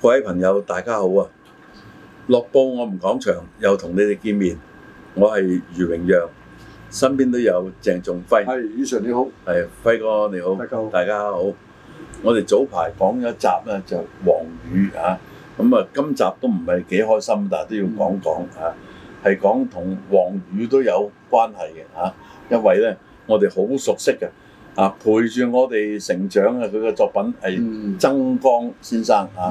各位朋友，大家好啊！樂報我們講場，又同你哋見面，我係余榮讓，身邊都有鄭仲輝。係，余 Sir 你好。係輝哥你好。大家好。大家好。我哋早排講咗一集咧就黃、是、宇啊。咁、嗯、啊今集都唔係幾開心，但係都要講講啊，係講同黃宇都有關係嘅嚇，因為咧我哋好熟悉嘅。啊，陪住我哋成長嘅佢嘅作品係曾江先生、嗯、啊，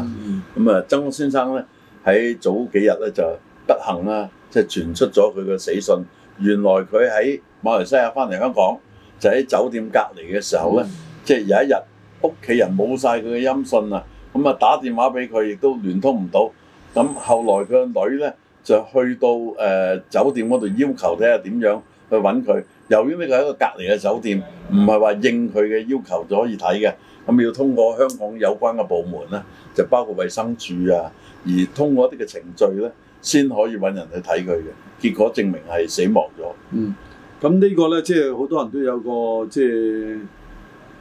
咁、嗯、啊、嗯、曾先生咧喺早幾日咧就不幸啦，即係傳出咗佢嘅死訊。原來佢喺馬來西亞翻嚟香港，就喺酒店隔離嘅時候咧，即、嗯、係、就是、有一日屋企人冇晒佢嘅音訊啦，咁啊打電話俾佢亦都聯通唔到，咁後來佢個女咧就去到誒、呃、酒店嗰度要求睇下點樣去揾佢。由於佢係一個隔離嘅酒店，唔係話應佢嘅要求就可以睇嘅，咁要通過香港有關嘅部門咧，就包括衛生署啊，而通過一啲嘅程序咧，先可以搵人去睇佢嘅。結果證明係死亡咗。嗯，咁呢個咧，即係好多人都有個即係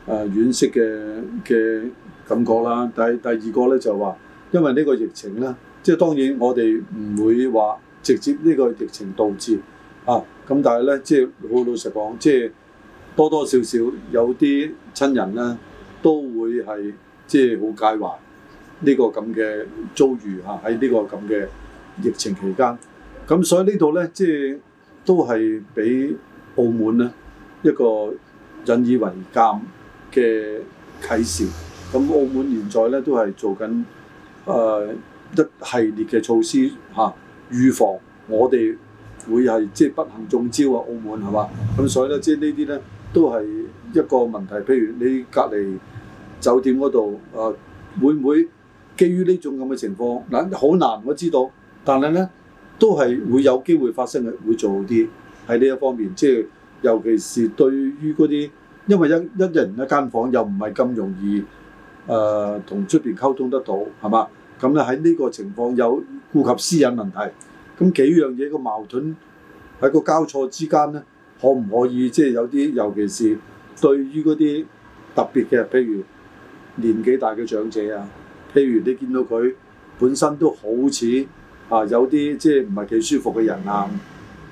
啊惋惜嘅嘅感覺啦。第第二個咧就係話，因為呢個疫情咧，即係當然我哋唔會話直接呢個疫情導致。啊，咁但係咧，即係好老實講，即係多多少少有啲親人咧，都會係即係好介懷呢個咁嘅遭遇嚇，喺呢個咁嘅疫情期間。咁所以這裏呢度咧，即係都係俾澳門咧一個引以為鑑嘅啟示。咁澳門現在咧都係做緊誒、呃、一系列嘅措施嚇，預、啊、防我哋。會係即係不幸中招啊！澳門係嘛咁，所以咧，即係呢啲咧都係一個問題。譬如你隔離酒店嗰度啊，會唔會基於呢種咁嘅情況？嗱、呃，好難我知道，但係咧都係會有機會發生嘅，會做好啲喺呢一方面，即係尤其是對於嗰啲，因為一一人一間房又唔係咁容易誒同出面溝通得到係嘛？咁咧喺呢個情況有顧及私隱問題。咁幾樣嘢個矛盾喺個交錯之間咧，可唔可以即係、就是、有啲，尤其是對於嗰啲特別嘅，譬如年紀大嘅長者啊，譬如你見到佢本身都好似啊有啲即係唔係幾舒服嘅人啊，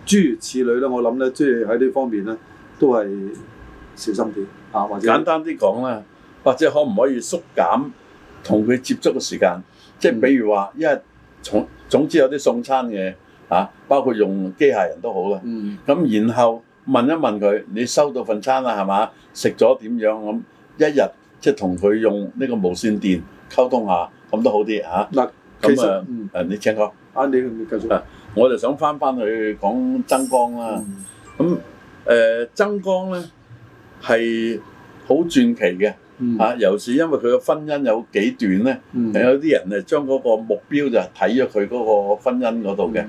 諸如此類咧，我諗咧，即係喺呢方面咧，都係小心啲啊，或者簡單啲講啦，或者可唔可以縮減同佢接觸嘅時間？即、就、係、是、比如話，因為總之有啲送餐嘅、啊、包括用機械人都好啦。咁、嗯、然後問一問佢，你收到份餐啦係嘛？食咗點樣咁？一日即係同佢用呢個無線電溝通下，咁都好啲嚇。嗱、啊，其實、啊嗯、你請講。啊，你，你繼續。我就想翻翻去講曾江啦。咁、嗯嗯呃、曾江咧係好傳奇嘅。嚇、啊，尤其是因為佢嘅婚姻有幾段咧、嗯，有啲人咧將嗰個目標就睇咗佢嗰個婚姻嗰度嘅。咁、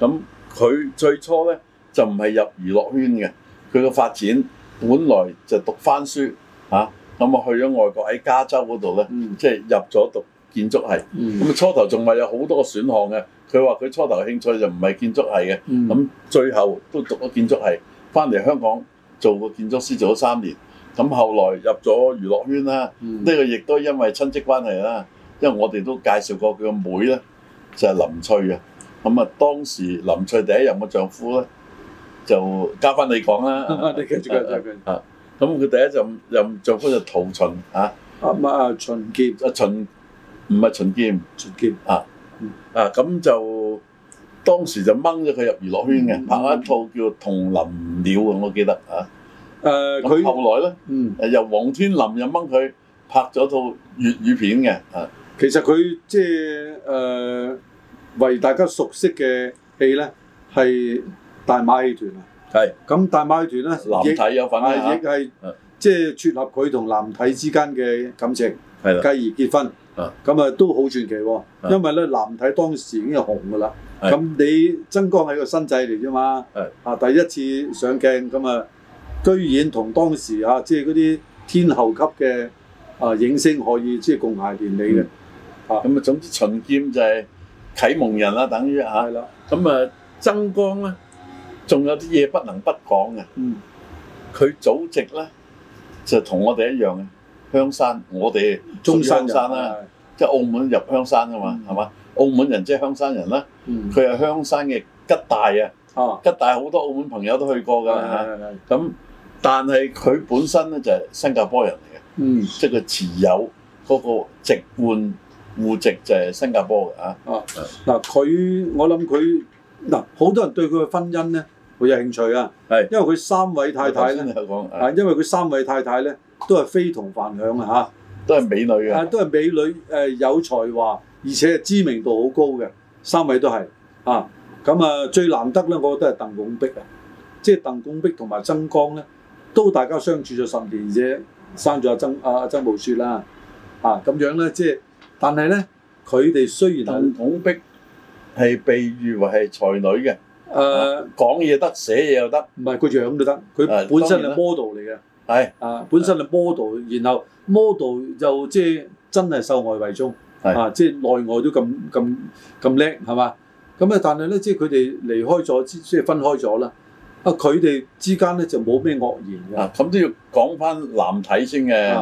嗯、佢、嗯、最初咧就唔係入娛樂圈嘅，佢嘅發展本來就讀翻書嚇，咁啊去咗外國喺加州嗰度咧，即、嗯、係、就是、入咗讀建築系。咁、嗯嗯、初頭仲係有好多選項嘅，佢話佢初頭嘅興趣就唔係建築系嘅，咁、嗯、最後都讀咗建築系，翻嚟香港做個建築師做咗三年。咁後來入咗娛樂圈啦，呢、這個亦都因為親戚關係啦，因為我哋都介紹過佢個妹咧，就係林翠嘅。咁啊，當時林翠第一任嘅丈夫咧，就交翻你講啦、嗯，啊，咁、啊、佢、啊啊啊啊啊啊、第一任任丈夫就陶秦啊，啊嘛秦劍啊秦，唔係秦劍，秦劍啊，啊咁、嗯啊啊、就當時就掹咗佢入娛樂圈嘅，拍、嗯、一套叫《同林鳥》啊，我記得啊。誒、呃、佢後來咧，嗯，由王天林又掹佢拍咗套粵語片嘅，啊，其實佢即係誒為大家熟悉嘅戲咧，係大馬戲團啊，係咁大馬戲團咧，男體有份係即係撮合佢同男體之間嘅感情，係啦，繼而結婚，啊，咁啊都好傳奇喎、哦，因為咧男體當時已經紅噶啦，咁你曾江係個新仔嚟啫嘛，係啊第一次上鏡咁啊。居然同當時啊，即係嗰啲天后級嘅啊影星可以即係、就是、共諧連理嘅，啊、嗯、咁啊，總之秦劍就係啟蒙人啦，等於嚇。係啦。咁啊，曾江咧，仲有啲嘢不能不講嘅。嗯。佢祖籍咧就同我哋一樣嘅香山，我哋中山人啊，即係澳門入香山㗎、啊、嘛，係嘛？澳門人即係香山人啦、啊。佢、嗯、係香山嘅吉大啊。吉大好多澳門朋友都去過㗎咁。但係佢本身咧就係、是、新加坡人嚟嘅，即係佢持有嗰個籍貫戶籍就係新加坡嘅啊。嗱，佢我諗佢嗱，好多人對佢嘅婚姻咧好有興趣啊。係因為佢三位太太咧，啊，因為佢三位太太咧都係非同凡響啊嚇，都係美女啊，都係美女誒、啊、有才華，而且知名度好高嘅，三位都係啊。咁啊，最難得咧，我覺得係鄧拱璧啊，即、就、係、是、鄧拱璧同埋曾江咧。都大家相處咗十年啫，生咗阿曾阿、啊、曾無雪啦，啊咁樣咧，即係，但係咧，佢哋雖然同同逼，係被譽為係才女嘅，誒、呃啊、講嘢得，寫嘢又得，唔係個樣都得，佢本身係 model 嚟嘅，係啊，啊，本身係 model，係然後 model 就即係真係秀外慧中，啊，即係內外都咁咁咁叻係嘛，咁啊，但係咧，即係佢哋離開咗，即係分開咗啦。啊！佢哋之間咧就冇咩惡言嘅。咁、啊、都要講翻藍娣先嘅，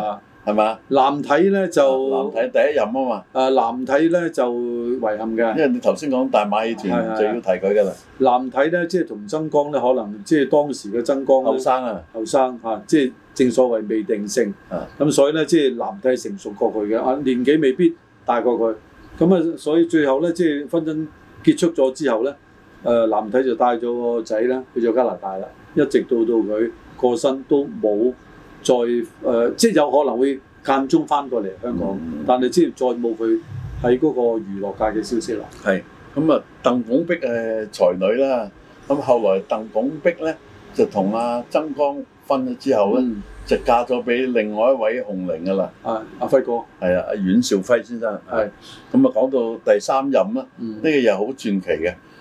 係嘛、啊？藍娣咧就藍、啊、娣第一任啊嘛。啊，藍娣咧就遺憾嘅。因為你頭先講大馬戲團、啊、就要提佢噶啦。藍娣咧即係同曾江咧，可能即係、就是、當時嘅曾江。後生啊，後生嚇，即係、啊就是、正所謂未定性。啊。咁所以咧，即係藍娣成熟過佢嘅，啊年紀未必大過佢。咁啊，所以最後咧，即係婚姻結束咗之後咧。誒、呃、男仔就帶咗個仔咧去咗加拿大啦，一直到到佢過身都冇再誒、呃，即係有可能會間中返過嚟香港，嗯、但係之後再冇佢喺嗰個娛樂界嘅消息啦。係咁啊，鄧拱璧誒才女啦，咁後來鄧拱璧咧就同阿、啊、曾江分咗之後咧、嗯，就嫁咗俾另外一位紅伶噶啦。啊，阿輝哥係啊，阿阮兆輝先生。係咁啊，講到第三任啦，呢個又好傳奇嘅。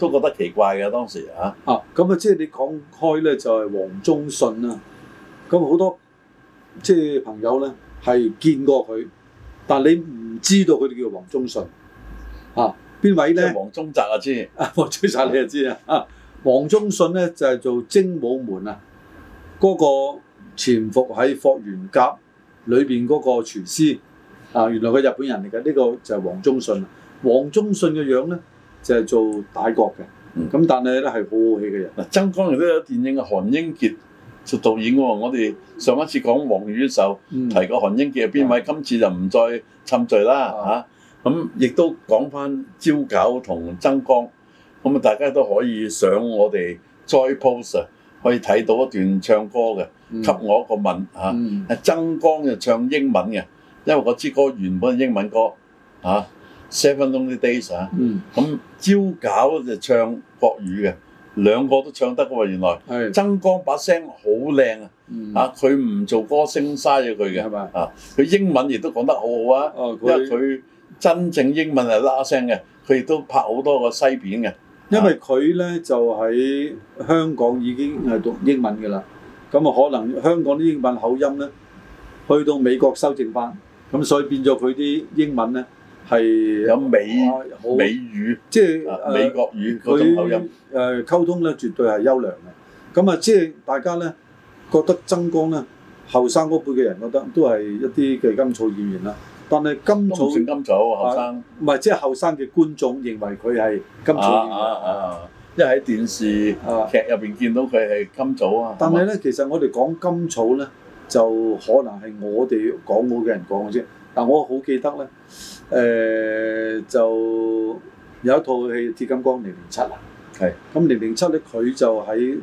都覺得奇怪嘅當時啊！啊，咁、就是、啊，那很即係你講開咧，就係黃忠信啦。咁好多即係朋友咧係見過佢，但你唔知道佢哋叫黃忠信啊？邊位咧？黃宗澤啊，知我追晒你就知啊。黃忠信咧就係做精武門啊，嗰、那個潛伏喺霍元甲裏面嗰個廚師啊，原來佢日本人嚟㗎。呢、這個就係黃忠信。黃忠信嘅樣咧？即、就、係、是、做大國嘅，咁、嗯、但係咧係好好戲嘅人。嗱，曾江亦都有電影嘅，韓英傑做導演喎。我哋上一次講黃宇秀、嗯，提過韓英傑係邊位，今次就唔再侵罪啦嚇。咁、嗯、亦、啊啊嗯、都講翻朝九同曾江，咁啊大家都可以上我哋再 post，可以睇到一段唱歌嘅、嗯，給我一個吻。嚇、啊嗯啊。曾江就唱英文嘅，因為嗰支歌原本係英文歌嚇。啊 Seven Lonely Days 啊、嗯，咁招搞就唱國語嘅，兩個都唱得喎原來。曾江把聲好靚、嗯、啊，啊佢唔做歌星嘥咗佢嘅，啊佢英文亦都講得好好啊他，因為佢真正英文係拉聲嘅，佢亦都拍好多個西片嘅。因為佢咧、啊、就喺香港已經係讀英文㗎啦，咁啊可能香港啲英文的口音咧，去到美國修正翻，咁所以變咗佢啲英文咧。係有美、啊、美語，即、就、係、是啊、美國語嗰種口音。誒、呃、溝通咧，絕對係優良嘅。咁啊，即、就、係、是、大家咧覺得曾江咧，後生嗰輩嘅人覺得都係一啲嘅甘草演員啦。但係甘草，後生唔係即係後生嘅觀眾認為佢係甘草演員。一、啊、喺、啊啊、電視劇入邊見到佢係甘草啊！但係咧，其實我哋講甘草咧，就可能係我哋廣我嘅人講嘅啫。但我好記得咧。誒、呃、就有一套戲《鐵金剛零零七》啊，係。咁零零七咧，佢就喺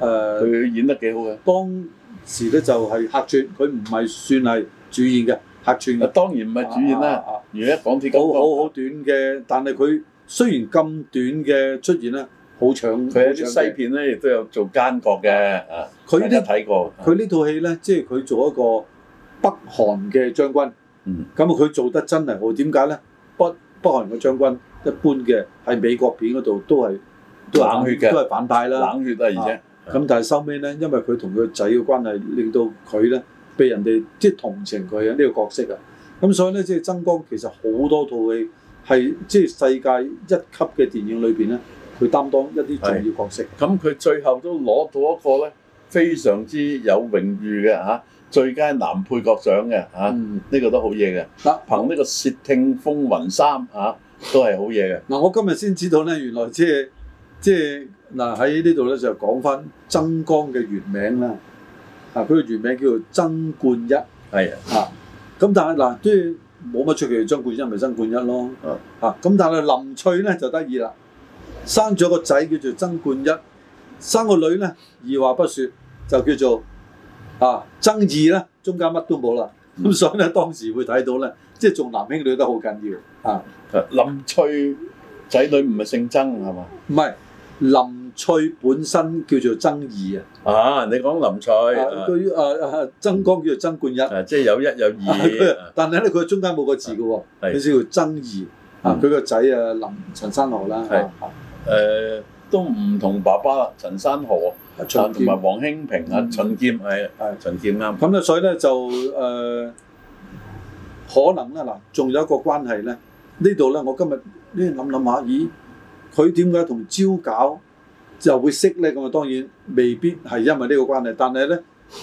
誒，佢演得幾好嘅。當時咧就係、是、客串，佢唔係算係主演嘅客串。啊，當然唔係主演啦。啊，如果講《鐵金剛》好、啊、好短嘅，但係佢雖然咁短嘅出現咧，好搶。佢喺西片咧，亦都有做奸角嘅。啊，睇得睇過。佢呢套戲咧，即係佢做一個北韓嘅將軍。嗯，咁佢做得真係好，點解咧？北北韓嘅將軍，一般嘅喺美國片嗰度都係都係冷血嘅，都係反派啦。冷血，而且咁，但係收尾咧，因為佢同佢個仔嘅關係，令到佢咧被人哋即係同情佢啊呢個角色啊。咁所以咧，即係曾江其實好多套戲係即係世界一級嘅電影裏面咧，佢擔當一啲重要角色。咁佢最後都攞到一個咧非常之有榮譽嘅嚇最佳男配角獎嘅嚇，呢、啊嗯這個都好嘢嘅。嗱、啊，憑呢個《雪聽風雲三》嚇、啊、都係好嘢嘅。嗱、啊，我今日先知道咧，原來即係即係嗱喺呢度咧就講翻曾江嘅原名啦。啊，佢嘅原、啊、原名叫做曾冠一，係啊。咁、啊、但係嗱，即係冇乜出奇，曾冠一咪曾冠一咯。啊，咁、啊、但係林翠咧就得意啦，生咗個仔叫做曾冠一，生一個女咧二話不説就叫做。啊，曾二啦，中間乜都冇啦，咁、嗯、所以咧當時會睇到咧，即、就、係、是、重男輕女都好緊要啊。林翠仔女唔係姓曾係嘛？唔係，林翠本身叫做曾二啊。啊，你講林翠。佢啊、啊，曾江叫做曾冠一，啊、即係有一有二。啊、但係咧，佢中間冇個字㗎喎，佢、啊啊、叫做曾二啊。佢個仔啊，林陳生河啦。係。誒。都唔同爸爸陳山河啊，同埋黃興平、嗯、啊，陳劍係啊，陳劍啊。咁、嗯、咧、嗯嗯，所以咧就誒、呃、可能咧嗱，仲有一個關係咧。呢度咧，我今日呢諗諗下，咦，佢點解同焦姣就會識咧？咁啊，當然未必係因為呢個關係，但係咧，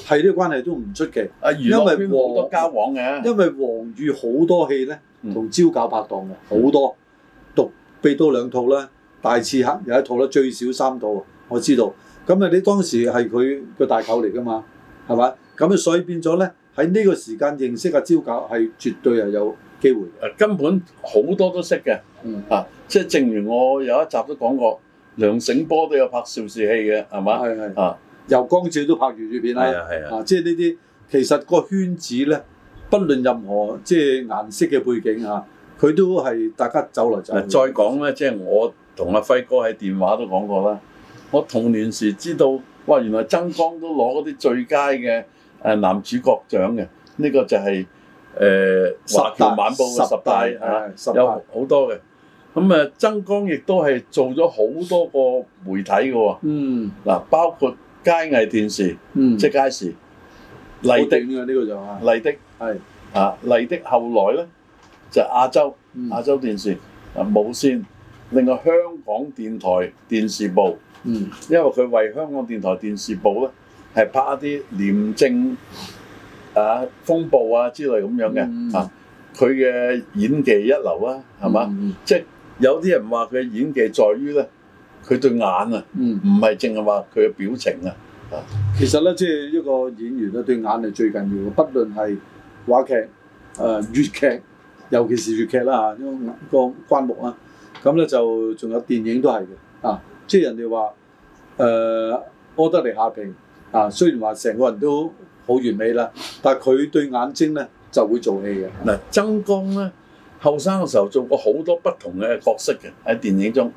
係呢個關係都唔出奇。啊，娛樂圈好多交往嘅，因為黃宇好多戲咧同焦姣拍檔嘅好、嗯、多，讀備多兩套啦。大刺客有一套啦，最少三套我知道。咁啊，你當時係佢個大舅嚟㗎嘛，係嘛？咁啊，所以變咗咧，喺呢個時間認識阿、啊、招教係絕對係有機會。誒，根本好多都識嘅、嗯，啊，即係正如我有一集都講過、嗯，梁醒波都有拍邵氏戲嘅，係嘛？係係啊，尤光照都拍住住片啦，係啊係啊，啊，即係呢啲其實個圈子咧，不論任何即係顏色嘅背景啊，佢都係大家走來走去。再講咧， 即係我。同阿輝哥喺電話都講過啦。我童年時知道，哇，原來曾江都攞嗰啲最佳嘅誒男主角獎嘅。呢、這個就係、是、誒、呃、華僑晚報十大嚇、啊，有好多嘅。咁、嗯、啊，曾江亦都係做咗好多個媒體嘅喎。嗯。嗱，包括佳藝電視，即係佳視麗的呢、這個就嚇、是、麗的係啊，麗的後來咧就是、亞洲、嗯、亞洲電視啊，無線。另外香港電台電視部，嗯，因為佢為香港電台電視部咧，係拍一啲廉政啊風暴啊之類咁樣嘅啊，佢嘅演技一流啊，係嘛、嗯？即係有啲人話佢嘅演技在於咧，佢對眼啊，唔係淨係話佢嘅表情、嗯、啊。其實咧，即、就、係、是、一個演員咧，對眼係最緊要，不論係話劇、誒、呃、粵劇，尤其是粵劇啦嚇，那個關目啊。咁咧就仲有電影都係嘅，啊，即係人哋話誒柯德莉夏萍啊，雖然話成個人都好完美啦，但係佢對眼睛咧就會做戲嘅。嗱，曾江咧後生嘅時候做過好多不同嘅角色嘅喺電影中，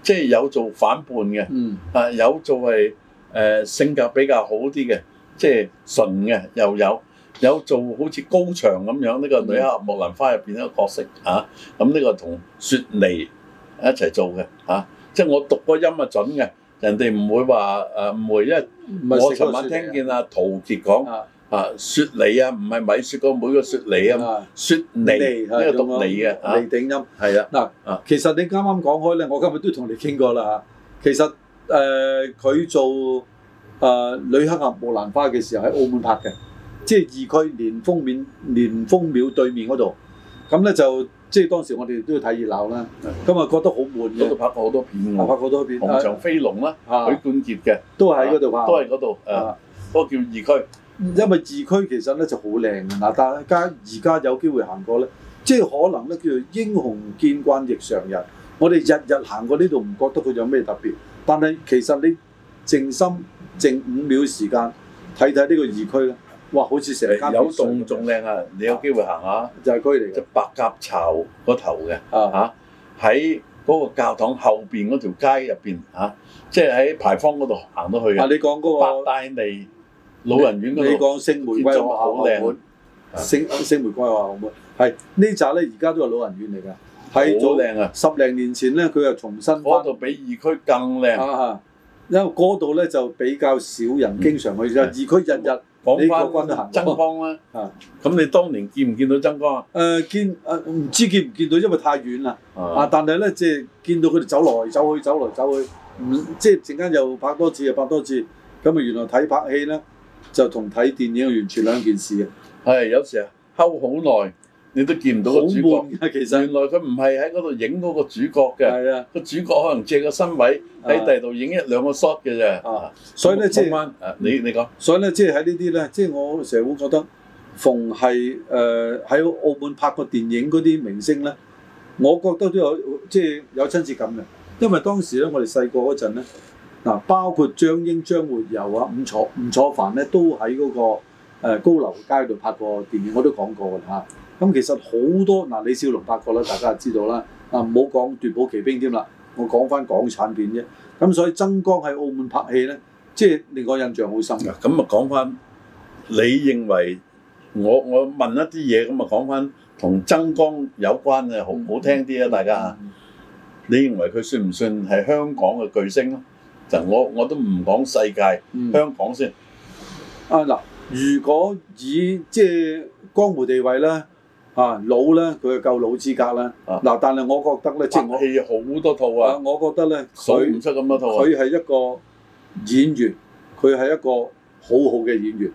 即係有做反叛嘅、嗯，啊，有做係誒、呃、性格比較好啲嘅，即係純嘅又有，有做好似高翔咁樣呢、呢個《女俠木蘭花》入邊一個角色、嗯、啊，咁呢個同雪妮。一齊做嘅嚇、啊，即係我讀個音啊準嘅，人哋唔會話誒唔會，因為我尋晚聽見阿、啊、陶傑講啊,啊雪梨啊，唔係米雪個妹個雪梨啊，雪梨呢個、嗯、讀梨嘅、啊啊，梨頂音係啊嗱啊，其實你啱啱講開咧，我今日都同你傾過啦嚇、啊，其實誒佢、呃、做誒《旅客俠木蘭花》嘅時候喺澳門拍嘅，即係二區蓮峯廟蓮峯廟對面嗰度，咁咧就。即係當時我哋都要睇熱鬧啦，咁啊覺得好悶。我都拍過好多片喎，拍過好多片《紅牆飛龍》啦，許冠傑嘅都係喺嗰度拍，都喺嗰度。嗰個叫二區，因為二區其實咧就好靚嗱，大家而家有機會行過咧，即係可能咧叫做英雄見慣亦常人，我哋日日行過呢度唔覺得佢有咩特別，但係其實你靜心靜五秒時間睇睇呢個二區咧。哇！好似成間有棟仲靚啊！你有機會行下，啊，就係佢嚟嘅就白鴿巢個頭嘅嚇，喺、啊、嗰、啊、個教堂後邊嗰條街入邊嚇，即係喺牌坊嗰度行到去啊，你講嗰、那個大利老人院，你講盛玫瑰華豪門，盛玫瑰華豪門係呢扎咧，而家都有老人院嚟㗎，喺好靚啊！十零年前咧，佢又重新嗰度比二區更靚，啊啊、因為嗰度咧就比較少人經常去啫，二、嗯、區日日、嗯。講返啊，曾江啦！啊，咁你當年見唔見到曾江啊？誒、呃，見誒，唔、呃、知見唔見到，因為太遠啦。啊，但係咧，即、就、係、是、見到佢哋走來走去，走來走去，唔即係陣間又拍多次，又拍多次。咁啊，原來睇拍戲咧，就同睇電影完全兩件事啊！係，有時啊，睺好耐。你都見唔到個主角，的其實原來佢唔係喺嗰度影嗰個主角嘅。個主角可能借個身位喺第二度影一兩個 shot 嘅啫。所以咧即係，你你講。所以咧即係喺呢啲咧，即、就、係、是就是、我成日會覺得，逢係誒喺澳門拍過電影嗰啲明星咧，我覺得都有即係、就是、有親切感嘅。因為當時咧，我哋細個嗰陣咧，嗱包括張英、張活游啊、吳楚、吳楚凡咧，都喺嗰、那個、呃、高樓街度拍過電影，我都講過㗎啦、啊咁其實好多嗱，李少龍拍過啦，大家就知道啦。啊，唔好講奪寶奇兵添啦，我講翻港產片啫。咁所以曾江喺澳門拍戲咧，即係令我印象好深㗎。咁啊講翻，你認為我我問一啲嘢，咁啊講翻同曾江有關嘅好好聽啲啊，大家。你認為佢算唔算係香港嘅巨星咯？就我我都唔講世界、嗯，香港先。啊嗱，如果以即係江湖地位咧？啊，老咧佢夠老資格啦。嗱、啊，但係我覺得咧，即係我戲好多套啊。我覺得咧，佢唔出咁多套佢、啊、係一個演員，佢係一個好好嘅演員。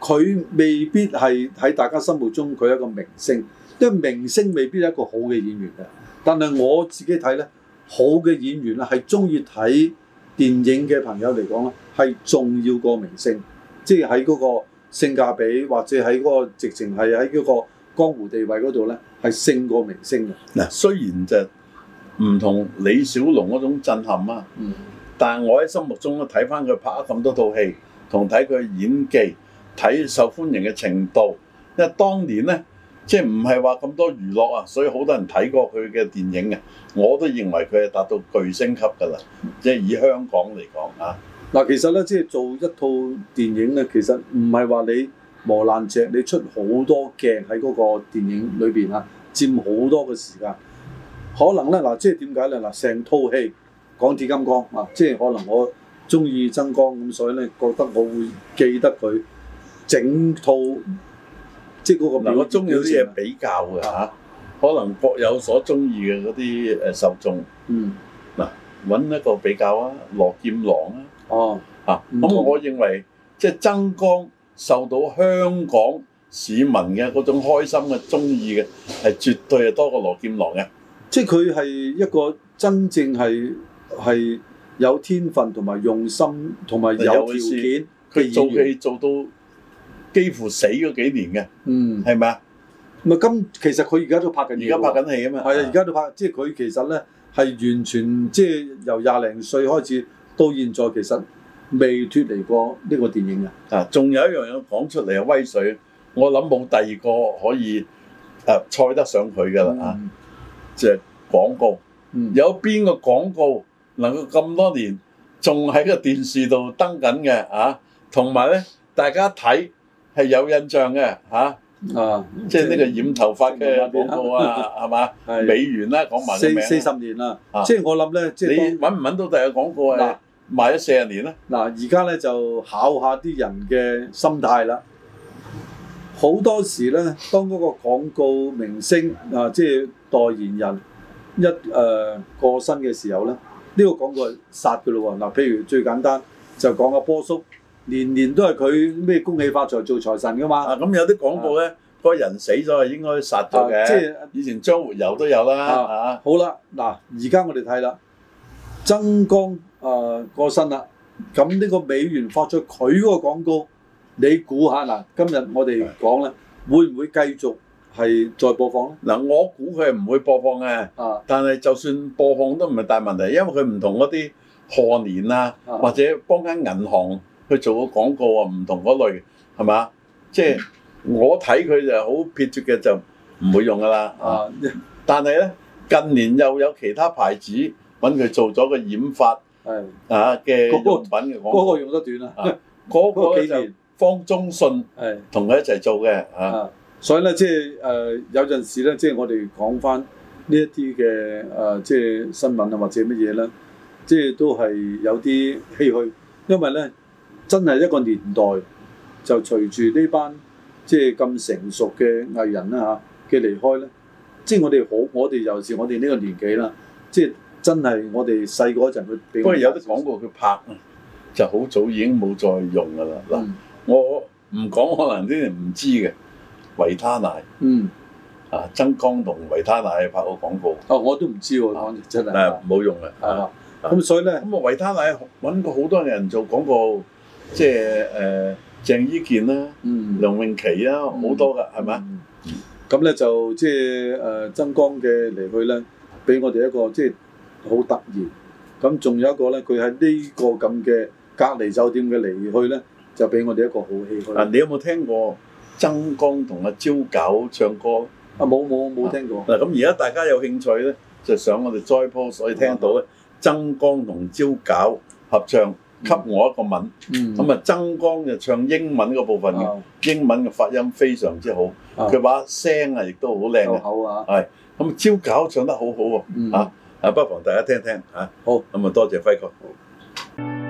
佢未必係喺大家心目中佢係一個明星，因為明星未必係一個好嘅演員嘅。但係我自己睇咧，好嘅演員咧係中意睇電影嘅朋友嚟講咧，係重要過明星，即係喺嗰個性價比或者喺嗰個直情係喺嗰個。江湖地位嗰度咧，係勝過明星嘅。嗱，雖然就唔同李小龍嗰種震撼啊、嗯，但係我喺心目中都睇翻佢拍咗咁多套戲同睇佢演技，睇受歡迎嘅程度。因為當年咧，即係唔係話咁多娛樂啊，所以好多人睇過佢嘅電影嘅。我都認為佢係達到巨星級噶啦，即係以香港嚟講啊。嗱，其實咧，即係做一套電影咧，其實唔係話你。磨爛隻，你出好多鏡喺嗰個電影裏邊啊，佔好多嘅時間。可能咧嗱，即係點解咧嗱？成套戲講鐵金剛啊，即係可能我中意曾江咁，所以咧，覺得我會記得佢整套即係嗰個。嗱，我中意啲嘢比較嘅嚇、啊，可能各有所中意嘅嗰啲誒受眾。嗯，嗱，揾一個比較啊，《羅劍郎》啊。哦。啊，咁、嗯、我認為即係曾江，受到香港市民嘅嗰種開心嘅中意嘅，係絕對係多過羅劍郎嘅。即係佢係一個真正係係有天分同埋用心同埋有條件，佢做戲做到幾乎死嗰幾年嘅。嗯，係咪啊？咁，係今、嗯、其，其實，佢而家都拍緊而家拍緊戲啊嘛。係啊，而家都拍，即係，佢其實咧係完全即係由廿零歲開始到現在，其實。未脫離過呢個電影啊！啊，仲有一樣嘢講出嚟係威水，我諗冇第二個可以誒賽得上佢㗎啦！啊，即係、嗯啊就是、廣告，嗯、有邊個廣告能夠咁多年仲喺個電視度登緊嘅啊？同埋咧，大家睇係有印象嘅嚇啊！即係呢個染頭髮嘅廣告啊，係嘛、啊？ 美源啦、啊，講埋個四十年啦，即、啊、係、就是、我諗咧，即、就、係、是、你揾唔揾到第二個廣告啊？啊賣咗四十年啦，嗱而家咧就考下啲人嘅心態啦。好多時咧，當嗰個廣告明星啊，即係代言人一誒過身嘅時候咧，呢個廣告係殺㗎咯喎。嗱，譬如最簡單就講阿波叔，年年都係佢咩恭喜發財做財神㗎嘛。啊，咁有啲廣告咧，個人死咗係應該殺咗嘅。即係以前張活游都有啦。啊，好啦，嗱而家我哋睇啦，曾江。誒過身啦，咁呢個美元發出佢個廣告，你估下嗱？今日我哋講咧，會唔會繼續係再播放咧？嗱，我估佢唔會播放嘅。啊，但係就算播放都唔係大問題，因為佢唔同嗰啲賀年啊，啊或者幫間銀行去做個廣告啊，唔同嗰類，係嘛？即係我睇佢就好撇絕嘅，就唔、是、會用噶啦。啊，啊，但係咧，近年又有其他牌子揾佢做咗個染髮。係啊嘅用品嘅，嗰、啊啊那個那個用得短啦，嗰、那個幾年方中信係同佢一齊做嘅啊，所以咧、呃、即係誒有陣時咧，即係我哋講翻呢一啲嘅誒即係新聞啊或者乜嘢咧，即係都係有啲唏噓，因為咧真係一個年代就隨住呢班即係咁成熟嘅藝人啦吓嘅離開咧，即係我哋好我哋尤其我哋呢個年紀啦，即係。真係我哋細個嗰陣佢，不過有啲廣告佢拍啊，就好早已經冇再用㗎啦。嗱、嗯，我唔講，可能啲人唔知嘅維他奶，嗯，啊曾江同維他奶拍過廣告。哦，我都唔知喎，真係，冇、啊啊、用嘅。咁、啊啊、所以咧，咁啊維他奶揾過好多人做廣告，即係誒鄭伊健啦、啊嗯，梁詠琪啊，好多㗎，係、嗯、咪？咁咧、嗯嗯嗯、就即係誒曾江嘅離去咧，俾我哋一個即係。就是好突然，咁仲有一個咧，佢喺呢個咁嘅隔離酒店嘅離去咧，就俾我哋一個好氣氛。嗱，你有冇聽過曾江同阿焦姣唱歌？啊，冇冇冇聽過。嗱，咁而家大家有興趣咧，就想我哋再 post，所以聽到嘅曾江同焦姣合唱《給我一個吻》。嗯。咁啊，曾江就唱英文嗰部分嘅，英文嘅發音非常之好，佢把聲啊亦都好靚。好啊！係咁，焦姣唱得好好喎嚇。啊，不妨大家聽聽嚇，啊，好，咁啊，噉多謝輝哥。